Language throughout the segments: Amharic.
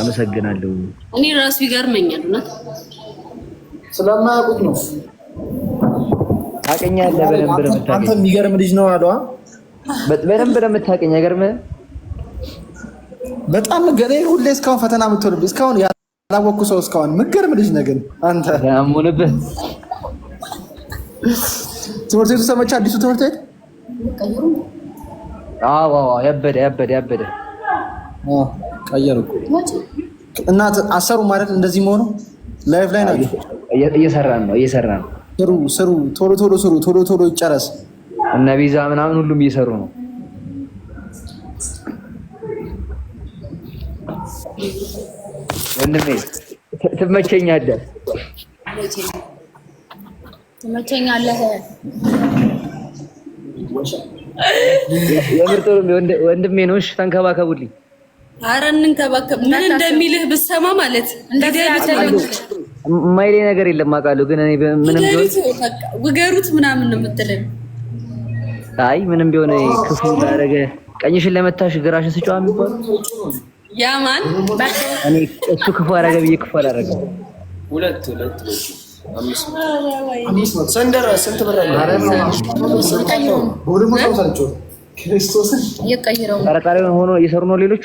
አመሰግናለሁ። እኔ ራሱ ይገርመኛል እውነት ስለማያውቁት ነው። ታውቀኛለህ በደንብ ነው የምታውቀኝ። አንተ የሚገርም ልጅ ነው አሏ። በደንብ ነው የምታውቀኝ። አይገርምህም? በጣም ገኔ ሁሌ እስካሁን ፈተና የምትሆንብህ እስካሁን ያላወቅኩ ሰው እስካሁን የምትገርም ልጅ ነህ ግን አንተ ያሙንብህ። ትምህርት ቤቱ ሰመች አዲሱ ትምህርት ቤት ያበደ ያበደ ያበደ ቀየሩ እና አሰሩ ማለት እንደዚህ መሆኑ ላይፍ ላይ ናቸው እየሰራን ነው እየሰራን ነው። ስሩ ስሩ፣ ቶሎ ቶሎ ስሩ፣ ቶሎ ቶሎ ይጨረስ። እነ ቤዛ ምናምን ሁሉም እየሰሩ ነው። ወንድሜ ትመቸኛለህ፣ ትመቸኛለህ። የምር ጥሩ ወንድሜ ነው። እሺ ተንከባከቡልኝ። አረ እንንከባከብ። ምን እንደሚልህ ብሰማ ማለት ማይሌ ነገር የለም አውቃለሁ፣ ግን እኔ ምንም ቢሆን ውገሩት ምናምን ነው የምትለኝ። አይ ምንም ቢሆን ክፉ ያደረገ ቀኝሽን ለመታሽ ግራሽን ስጫዋ የሚባል ያማን እኔ እሱ ክፉ ያደረገ ብዬ ክፉ አላደረገም። ሁለት ሁለት ሰንደር ስንት ብር አለ? ጠረጣሪ ሆኖ እየሰሩ ነው ሌሎቹ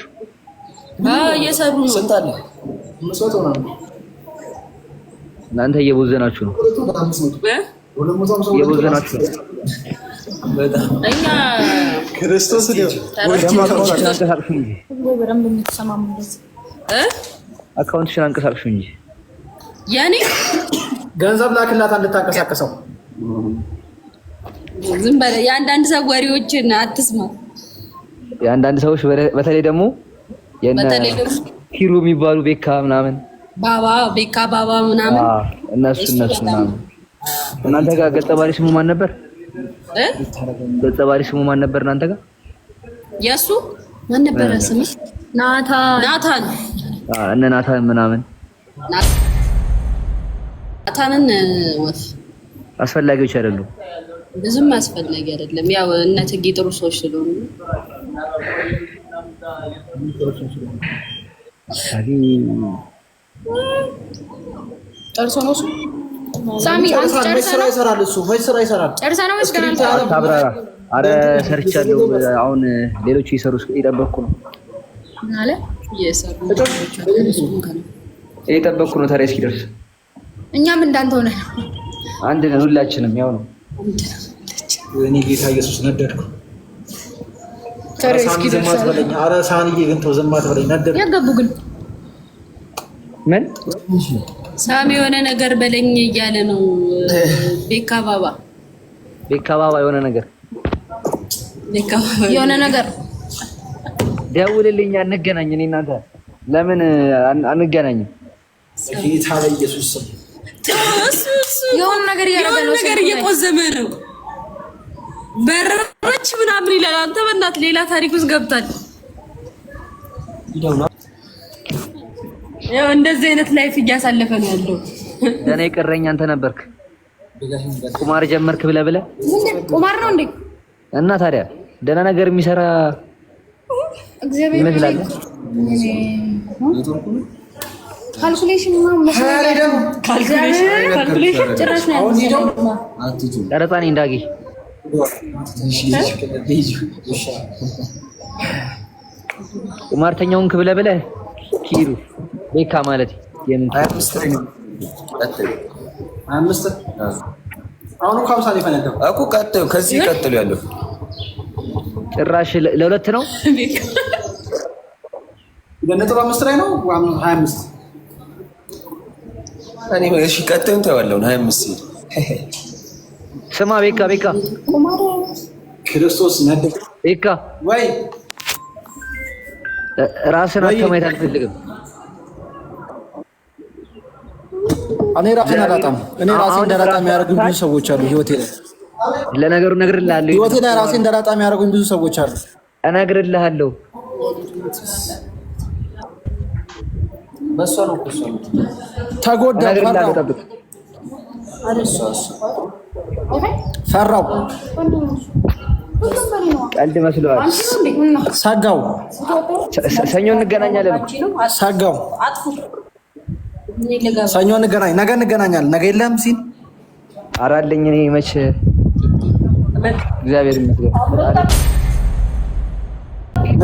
እየሰሩ ነው። ስንት አለ? እናንተ እየቦዘናችሁ ነው፣ እየቦዘናችሁ ነው። እኛ ክርስቶስ አካውንትሽን አንቀሳቅሹ እንጂ የኔ ገንዘብ ላክላት እንድታንቀሳቀሰው። ዝም በለ። የአንዳንድ ሰው ወሬዎችን አትስማ። የአንዳንድ ሰዎች በተለይ ደግሞ ኪሩ የሚባሉ ቤካ ምናምን ባባ ቤካ ባባ ምናምን እነሱ እነሱ ምናምን እናንተ ጋር ገጸ ባህሪ ስሙ ማን ነበር? ገጸ ባህሪ ስሙ ማን ነበር? እናንተ ጋር የእሱ ማን ነበረ ስሙ? ናታን ናታን እነ ናታን ምናምን ናታንን አስፈላጊዎች አይደሉም። ብዙም አስፈላጊ አይደለም። ያው እነ እቴጌ ጥሩ ሰዎች ስለሆኑ ጨርሶ ነው እሱ አረ ሰርቻለሁ። አሁን ሌሎች እየሰሩ እየጠበቅኩ ነው። ምናለ እየጠበቅኩ ነው። ታዲያ እስኪደርስ እኛም እንዳንተ ሆነ አንድ ነን። ሁላችንም ያው ነው። እኔ ጌታ ኢየሱስ ነደድኩ። ኧረ ግን ተው ዝም አትበለኝ። ያገቡ ግን ምን ሳሚ የሆነ ነገር በለኝ እያለ ነው። ቤካ ባባ ቤካ ባባ የሆነ ነገር የሆነ ነገር ደውልልኝ፣ አንገናኝ። እኔ እናንተ ለምን አንገናኝም? የሆነ ነገር እየቆዘመ ነው በር ረች ምናምን ይላል። አንተ በእናትህ ሌላ ታሪክ ውስጥ ገብታል። ያው እንደዚህ አይነት ላይፍ እያሳለፈ ነው ያለው። እኔ ቅረኝ፣ አንተ ነበርክ ቁማር ጀመርክ ብለህ ብለህ ቁማር ነው እንዴ? እና ታዲያ ደህና ነገር የሚሰራ እግዚአብሔር ይመስላል። ካልኩሌሽን ነው ነው ካልኩሌሽን ቁማርተኛውን ክብለ ብለህ ኪሩ ቤካ ማለት የምን ከዚህ ቀጥሎ ያለው ጭራሽ ለሁለት ነው። ነጥብ አምስት ላይ ነው። ሀያ አምስት ቀጥሎ ተባለውን ሀያ አምስት ስማ ቤካ ቤካ ክርስቶስ ነደ ቤካ ወይ ራስን አከማየት አልፈልግም። እኔ ራሴን አላጣም። እኔ ራሴን እንዳላጣ የሚያደርጉኝ ብዙ ሰዎች አሉ። ህይወቴ ላይ ለነገሩ እነግርልሃለሁ። ህይወቴ ላይ ራሴን እንዳላጣ የሚያደርጉኝ ብዙ ሰዎች አሉ። እነግርልሃለሁ። ተጎዳ ሰራው ቀልድ መስለዋል። ሰጋው ሰኞ እንገናኛለን። ሰጋው ሰኞ እንገናኝ፣ ነገ እንገናኛለን። ነገ የለም ሲል አራለኝ እኔ መቼ እግዚአብሔር ይመስገን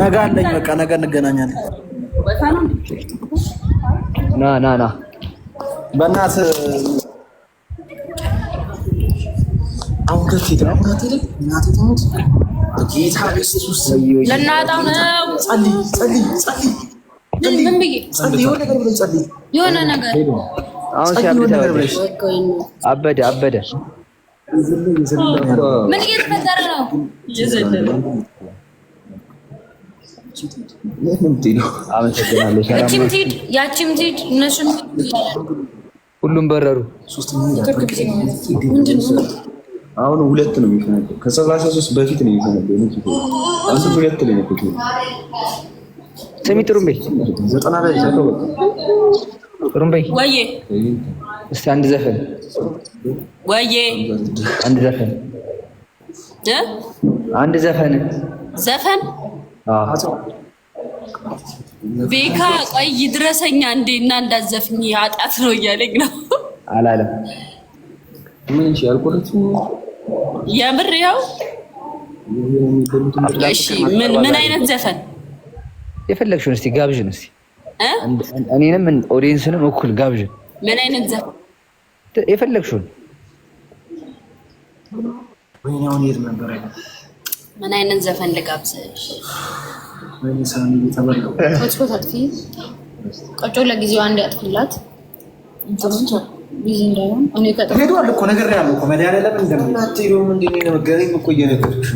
ነገ አለኝ። በቃ ነገ እንገናኛለን። ና ና ና በእናትህ አውቀት ሄደ አውቀት ሄደ እናቴ ትሙት ጌታ ኢየሱስ ለእናታው ነው። ጸልይ ጸልይ ጸልይ አበደ አበደ። ምን እየተፈጠረ ነው? ያቺም ትሂድ ያቺም ሁሉም በረሩ። አሁን ሁለት ነው የሚፈነደው። ከሰላሳ ሦስት በፊት ነው የሚፈነደው። ነው ኪቶ አስር ሁለት ላይ ነው ኪቶ ስሚ ጥሩምቤ ዘጠና ላይ ነው ጥሩምቤ ወይ እስቲ አንድ ዘፈን ወይ አንድ ዘፈን እ አንድ ዘፈን ዘፈን አዎ ቤካ ቆይ ድረሰኛ እንዴ እና እንዳዘፍኝ አጣት ነው እያለኝ ነው አላለም ምን ይችላል የምር ያው እሺ፣ ምን ምን አይነት ዘፈን የፈለግሽውን እስቲ ጋብዥን፣ እስቲ እኔንም ኦዲየንስንም እኩል ጋብዥን። ምን አይነት ዘፈን የፈለግሽውን። ምን አይነት ዘፈን ልጋብዝሽ? ቆጮ ለጊዜው አንድ ያጥፍላት ሄዷል እኮ ነገር ያለ እኮ መድኃኒዓለም እንደምናትሄደውም እንደኔ ነው መገናኝ እኮ እየነገርኩሽ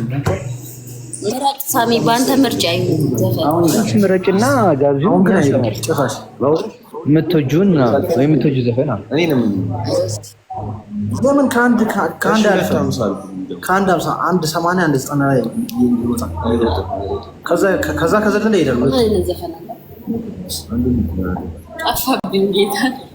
ምረጥ ሳሚ፣ በአንተ ምርጫ ምረጭ እና ጋብዙ። የምትወጂውን ወይም የምትወጂው ዘፈን አለ። ለምን ከአንድ ከአንድ ሀምሳ አንድ ሰማንያ አንድ ዘጠና ላይ ይወጣል። ከዛ ከዘለለ ይሄዳል። ጠፋብኝ ጌታ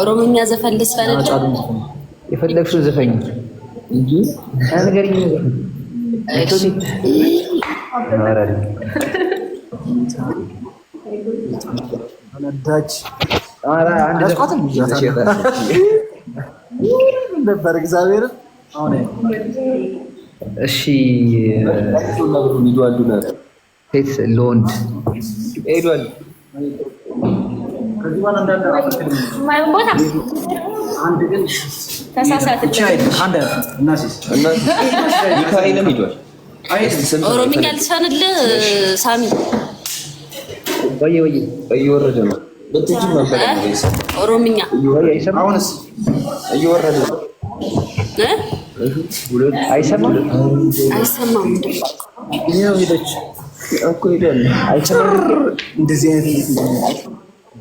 ኦሮሞኛ ዘፈን ልስፈን የፈለግሽው ዘፈኝ እንጂ አንገሪኝ ነበር እግዚአብሔር እሺ ሄት ለወንድ ሄዷል ኦሮምኛ ሳሚ እንደዚህ አይነት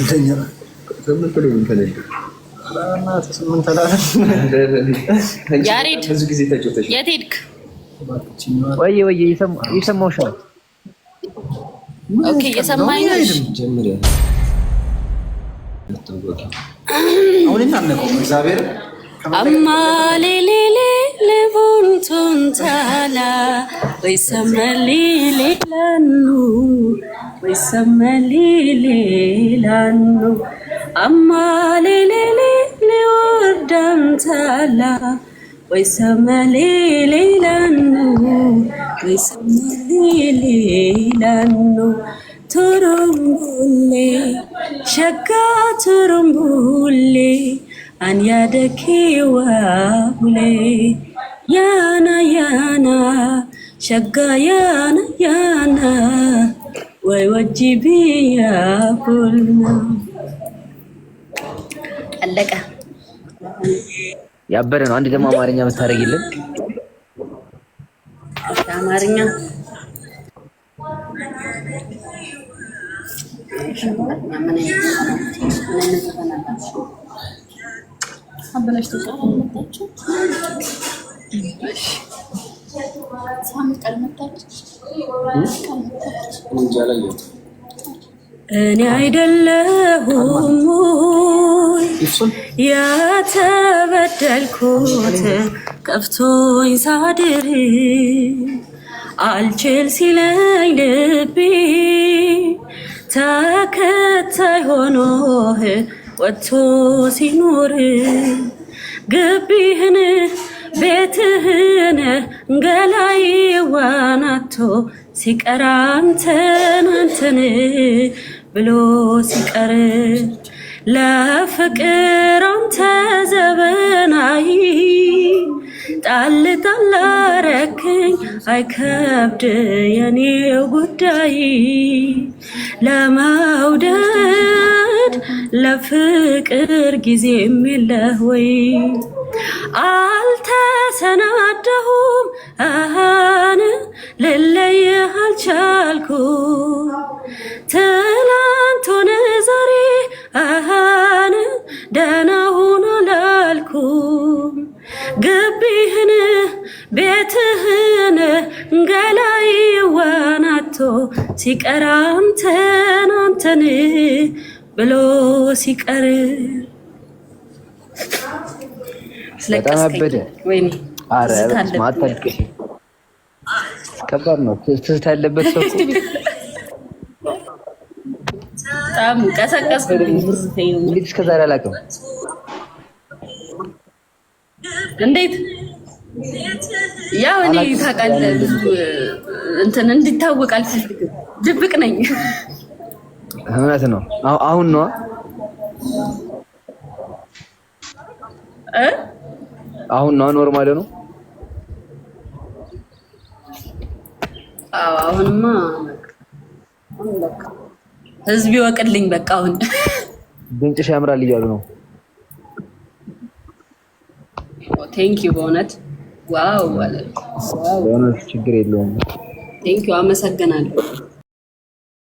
የት ሄድክ? ወይዬ እየሰማሁሽ ነው። ኦኬ እየሰማኝ ነው። አማሌ ሌሌ Levuntala, we summerly lanu, we summerly lanu, Amali Levuntala, we summerly lanu, we summerly lanu. ቱሩምቡሌ ሸጋ ቱሩምቡሌ አንያደኪ ወቡሌ ያና ያና ሸጋ ያና ያና ወይ ወጂ ብያ ኩልና አለቀ። ያበደ ነው። አንድ ደግሞ አማርኛ ብታደርጊልን አማርኛ እኔ አይደለሁም የተበደልኩት ከፍቶኝ ሳድር አልችል ሲለኝ ልቤ ተከታይ ሆኖህ ወጥቶ ሲኖር ግቢህን ቤትህን ገላይ ዋናቶ ሲቀር አንተን አንተን ብሎ ሲቀር ለፍቅር አንተ ዘበናይ ጣል ጣል አረከኝ አይከብድ የኔ ጉዳይ ለመውደድ ለፍቅር ጊዜ የሚለህ ወይ? አልተሰናደሁም አሃን ልለይህ አልቻልኩም ትላንት ሆነ ዛሬ አሃን ደህና ሁን አላልኩም ግቢህን ቤትህን ገላይ ዋናቶ ሲቀራም ተናንተን ብሎ ሲቀር ከባድ ነው። ትዝታ ያለበት ሰው በጣም ቀሰቀስኩ። እንግዲህ እስከዛሬ አላውቅም። እንዴት ያው እኔ ታውቃለህ፣ ብዙ እንትን እንዲታወቅ አልፈልግም። ድብቅ ነኝ። እውነት ነው። አሁን ነው አሁን ነው ኖርማል ነው። አዎ አሁንማ ህዝብ ይወቅልኝ። በቃ አሁን ድምፅሽ ያምራል እያሉ ነው። ቴንክ ዩ በእውነት ዋው፣ ዋው፣ ችግር የለውም። ቴንክ ዩ አመሰግናለሁ።